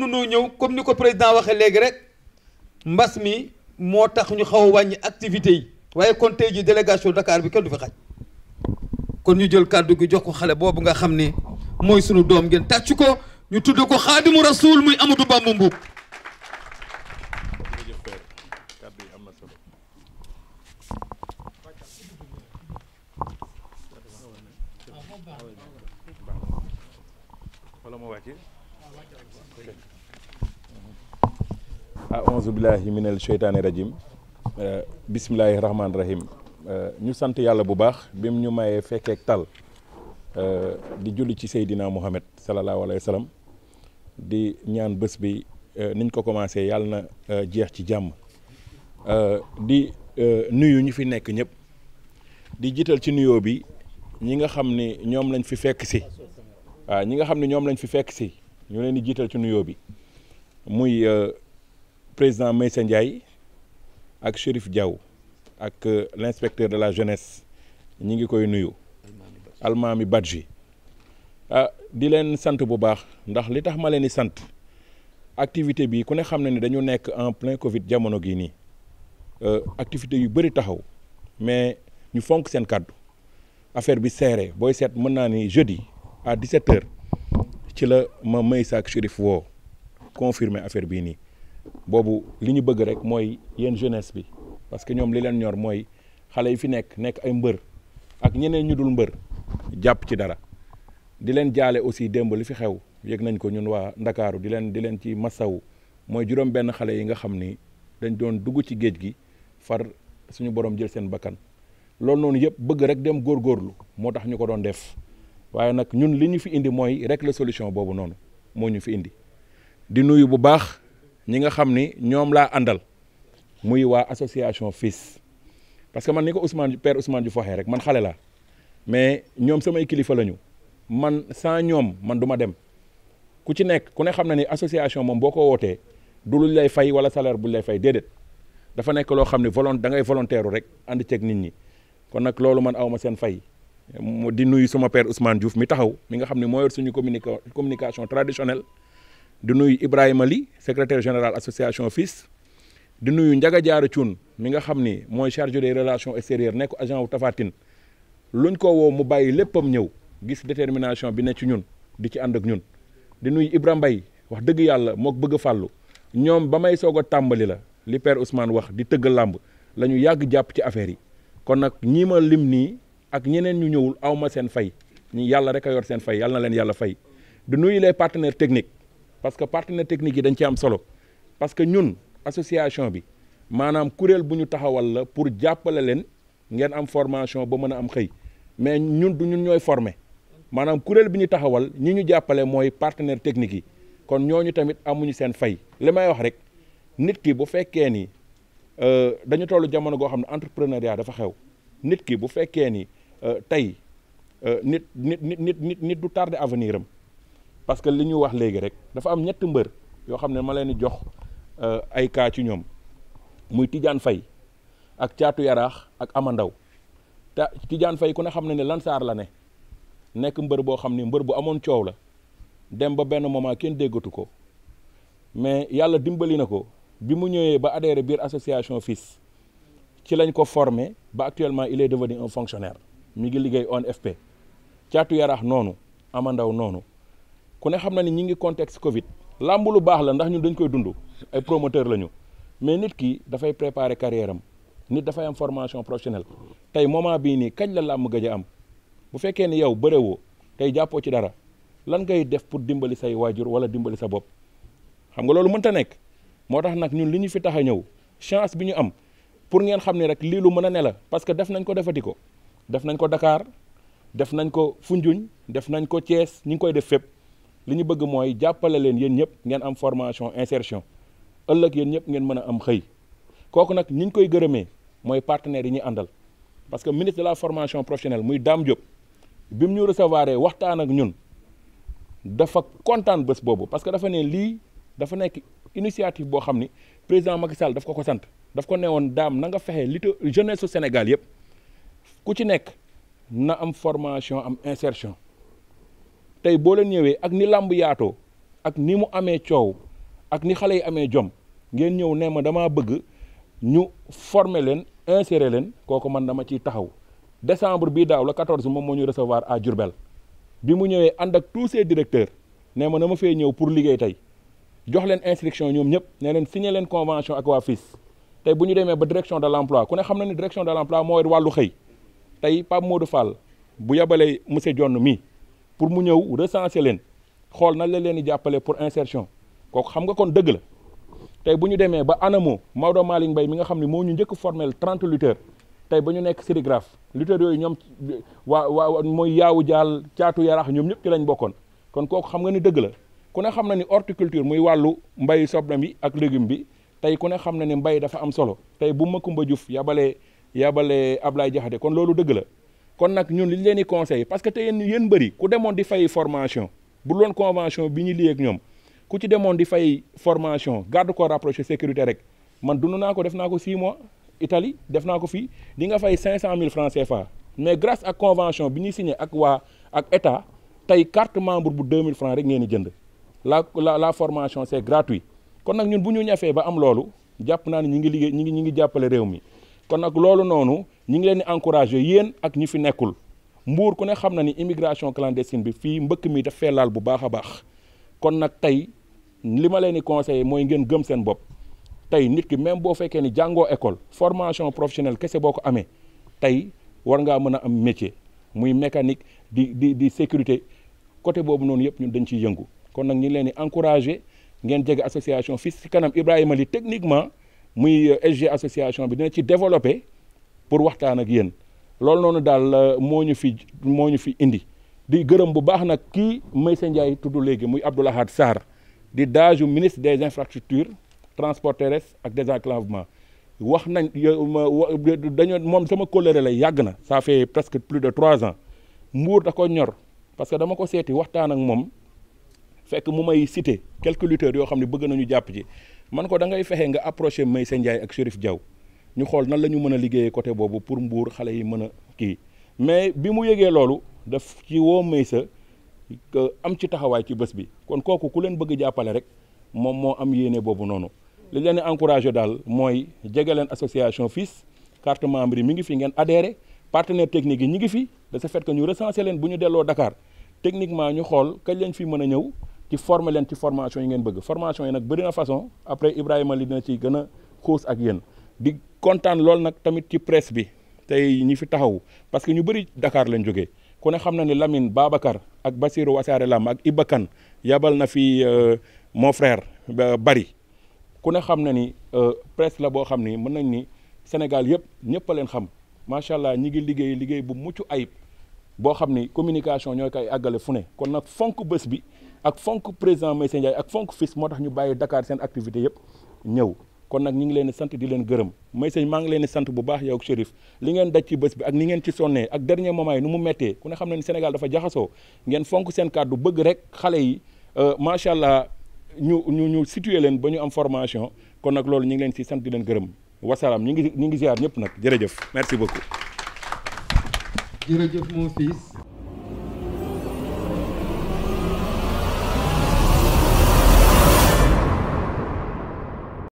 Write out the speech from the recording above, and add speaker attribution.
Speaker 1: mënunoo ñëw comme ni ko président waxee léegi rek mbas mi moo tax ñu xaw a wàññi activité yi waaye kon tey ji délégation Dakar bi kenn du fi xaj kon ñu jël kàddu gi jox ko xale boobu nga xam ni mooy sunu doom ngeen tàcc ko ñu tudd ko xaadimu rasul muy Amadou Bamba Mboup wala moo wàcc a aouzu ah, billahi minal sheytaani rajim euh, bismillahi rahmaani rahim euh, ñu sant yàlla bu baax bim ñu mayee fekkeek tal euh, di julli ci Seydina Muhammad salallaahu alayhi wa di ñaan bës bi niñ ko commencé yàlla na jeex ci jàmm di nuyu ñu fi nekk ñëpp di jiital ci nuyoo bi ñi nga xam ni ñoom lañ fi fekk si waaw ñi nga xam ni ñoom lañu fi fekk si ñu leen di jiital ci nuyoo bi muy euh, président Meissa Ndiaye ak Chérif Diaw ak euh, l'inspecteur de la jeunesse ñi ngi koy nuyu Almami Badji ah di leen sant bu baax ndax li tax ma leen di sant activité bi ku ne xam na ni dañu nekk en plein Covid jamono gii nii euh, activité yu bëri taxaw mais ñu fonk seen kàddu affaire bi serré booy seet mën naa ni jeudi à 17 heures ci la ma Meissa ak Chérif woo confirmer affaire bii nii boobu li ñu bëgg rek mooy yéen jeunesse bi parce que ñoom li leen ñor mooy xale yi fi nekk nekk ay mbër ak ñeneen ñu dul mbër jàpp ci dara di leen jaale aussi démb li fi xew yëg nañ ko ñun waa Ndakaaru di leen di leen ci massawu mooy juróom benn xale yi nga xam ni dañ doon dugg ci géej gi far suñu borom jël seen bakkan loolu noonu yëpp bëgg rek dem góor góorlu moo tax ñu ko doon def waaye nag ñun li ñu fi indi mooy rek la solution boobu noonu moo ñu fi indi di nuyu bu baax ñi nga xam ni ñoom laa àndal muy waa association FILS parce que man ni ko Ousmane père Ousmane Diouf waxee rek man xale laa mais ñoom samay kilifa lañu man sans ñoom man duma dem ku ci nekk ku ne xam ne ni association moom boo ko wootee du lu lay fay wala salaire bu lay fay déedéet dafa nekk loo xam ne volon da ngay volontaire rek ànd ceeg nit ñi kon nag loolu man awma seen fay mu di nuyu suma père Ousmane Diouf mi taxaw mi nga xam ne moo yor suñu communica communication traditionnelle di nuyu Ibrahima Ly secrétaire général association FILS di nuyu Ndiaga Diarra Thioune mi nga xam ni mooy chargé des relations extérieures nekk agent wu Tafatine luñ ko woo mu bàyyi léppam ñëw gis détermination bi ne ci ñun di ci ànd ak ñun di nuyu Ibra mbay wax dëgg yàlla mook bëgg fàllu ñoom ba may soog a tàmbali la li père Ousmane wax di tëgg làmb la ñu yàgg jàpp ci affaire yi ak ñeneen ñu ñëwul awma seen fay ñu yàlla rek a yor seen fay yàlla na leen yàlla fay du nuyu les partenaires technique parce que partenaires techniques yi dañ ci am solo parce que ñun association bi maanaam kuréel bu ñu taxawal la pour jàppale leen ngeen am formation ba mën a am xëy mais ñun du ñun ñooy former maanaam kuréel bi ñu taxawal ñi ñu jàppale mooy partenaires technique yi kon ñooñu tamit amuñu seen fay li may wax rek nit ki bu fekkee ni euh, dañu toll jamono goo xam ne entrepreneuriat dafa xew nit ki fekkee ni. Euh, tey euh, nit nit nit nit nit du tardé avenir am parce que li ñu wax léegi rek dafa am ñett mbër yoo xam ne ma leen di jox euh, ay cas ci ñoom muy Tidiane fay ak caatu Yaraax ak ama Amandaw ta Tidiane fay ku ne xam ne ne Lansar la ne nekk mbër boo xam ne mbër bu amoon coow la dem ba benn moment kenn déggatu ko mais yàlla dimbali na ko bi mu ñëwee ba adhéré biir association fis ci lañ ko formé ba actuellement ile est devenu un fonctionnaire mi ngi liggéey on ONFP caatu yaraax noonu ama amandaw noonu ku ne xam na ni ñi ngi contexte Covid làmb lu baax la ndax ñun dañ koy dund ay promoteur lañu mais nit ki dafay préparer carrière am nit dafay am formation professionnelle tey moment bii nii kañ la làmb gëj a am bu fekkee ni yow bërewoo tey jàppoo ci dara lan ngay def pour dimbali say waajur wala dimbali sa bopp xam nga loolu mënta nekk moo tax nag ñun li ñu fi tax a ñëw chance bi ñu am pour ngeen xam ne rek lii lu mën a ne la parce que def nañ ko defati def nañ ko dakaar def nañ ko Foundiougne def nañ ko Thiès ñi ngi koy def fépp li ñu bëgg mooy jàppale leen yéen ñëpp ngeen am formation insertion ëllëg yéen ñëpp ngeen mën a am xëy kooku nag ñi ñu koy gërëmee mooy partenaires yi ñuy àndal parce que ministre de la formation professionnelle muy Dame Diop bi mu ñu recevoir waxtaan ak ñun dafa kontaan bés boobu parce que dafa nee lii dafa nekk initiative boo xam ni président Macky Sall daf ko ko sant daf ko newoon Dame na nga fexe li jeunesse su Sénégal yëpp. ku ci nekk na am formation am insertion tey boo leen ñëwee ak ni làmb yaatoo ak ni mu amee coow ak ni xale yi amee jomb ngeen ñëw ne ma damaa bëgg ñu former leen insérer leen kooku man dama ciy taxaw décembre bii daaw la 14 moom moo ñu recevoir à Diourbel bi mu ñëwee ànd ak tous ses directeurs ne ma na fee ñëw pour liggéey tey jox leen instruction ñoom ñëpp ne leen signé leen convention ak waa FIS tey bu ñu demee ba direction de l' emploi ku ne xam na ni direction de l' emploi moo tey Pape Modou Fall bu yabalee monsieur Dione mii pour mu ñëw recenser leen xool na leen leen di jàppale pour insertion kooku xam nga kon dëgg la tey bu ñu demee ba ANAMO Maodo Malick mbay mi nga xam ni moo ñu njëkk formel trent lutteurs tey ba ñu nekk sérigraphe lutteurs yooyu ñoom waa waa mooy yaawu jaal caatu yaraax ñoom ñëpp ci lañ bokkoon kon kooku xam nga ni dëgg la ku ne xam na ni horticulture muy wàllu mbay soble bi ak légume bi tey ku ne xam na ni mbay dafa am solo tey bu Macoumba Diouf yabalee yabale Ablaye Jaxate kon loolu dëgg la kon nag ñun li ñu leen di conseillé parce que te yéen yéen bëri ku demoon di fay formation bu loon convention bi ñu liyee ak ñoom ku ci demoon di fay formation garde corps rapproché sécurité rek man dundu naa ko def naa ko 6 mois itali def naa ko fii di nga fay 500000 francs CFA mais grâce ak convention bi ñuy signé ak waa ak état tey carte membre bu deux mille francs rek ngeen di jënd la la la formation c'est gratuit kon nag ñun bu ñu ñafee ba am loolu jàpp naa ne ñu ngi liggéey ñu ngi ñu ngi jàppale réew mi. kon nag loolu noonu ñi ngi leen di encouragé yéen ak ñi fi nekkul mbuur ku ne xam na ni immigration clandestine bi fii mbëkk mi daf fee laal bu baax a baax kon nag tey li ma leen di conseillé mooy ngeen gëm seen bopp tey nit ki même boo fekkee ni jàngoo école formation professionnelle kese boo ko amee tey war ngaa mën a am métier muy mécanique di di di sécurité côté boobu noonu yëpp ñun dañ ciy yëngu kon nag ñu ngi leen di encouragé ngeen jege association fii si kanam Ibrahima li techniquement. muy euh, SG association bi dina ci développer pour waxtaan ak yéen loolu noonu daal euh, moo ñu fi moo ñu fi indi di gërëm bu baax nag kii Maysa Ndiaye tuddu léegi muy Abdou Lahad Sarr di daaju ministre des infrastructures transport terrestre ak désenclavement wax nañ dañoo moom sama kóllëre la yàgg na ça fait presque plus de trois ans mbuur da ko ñor parce que dama ko seeti waxtaan ak moom fekk mu may cité quelques lutteurs yoo xam ne bëgg nañu jàpp ci man ko da ngay fexe nga approché Maysa Ndiaye ak Chérif jaw ñu xool nan la ñu mën a liggéeyee côté boobu pour mbuur xale yi mën a kii mais bi mu yëgee loolu def ci woo Maysa am ci taxawaay ci bés bi kon kooku ku leen bëgg jàppale rek moom moo am yéene boobu noonu li leen encouragé daal mooy jege leen association FILS carte membre yi mi ngi fi ngeen adhéré partenaire technique yi ñi ngi fi de ce ñu recensé leen bu ñu delloo dakaar techniquement ñu xool kañ lañ fi mën a ñëw ci former leen ci formation yi ngeen bëgg formation yi nag bëri na façon après Ibrahima li dina ci gën a xuus ak yéen di kontaan lool nag tamit ci press bi tey ñi fi taxaw parce que ñu bëri dakaar lañ jóge ku ne xam na ni Lamine Babacar ak Basirou Wasaare Lam ak Iba Kane yabal na fi euh, mon frère Bari ku ne xam na ni euh, presse la boo xam ni mën nañ ni Sénégal yëpp ñëpp a leen xam macha allah ñi ngi liggéey liggéey bu mucc ayib boo xam ni communication ñoo koy àggale fu ne kon nag fonk bés bi. ak fonk président Meïssa Ndiaye ak fonk fils moo tax ñu bàyyi Dakar seen activité yëpp ñëw kon nag ñu ngi leen di sant di leen gërëm Meïssa maa ngi leen di sant bu baax yow ak Chérif li ngeen daj ci bés bi ak ni ngeen ci sonnee ak dernier moment yi nu mu méttee ku ne xam ne ni Sénégal dafa jaxasoo ngeen fonk seen kàddu bëgg rek xale yi euh, macha allah ñu ñu ñu situé leen ba ñu am formation kon nag loolu ñu ngi leen si sant di leen gërëm wasalaam ñu ngi ñu ngi ziar ñëpp nag jërëjëf merci beaucoup. jërëjëf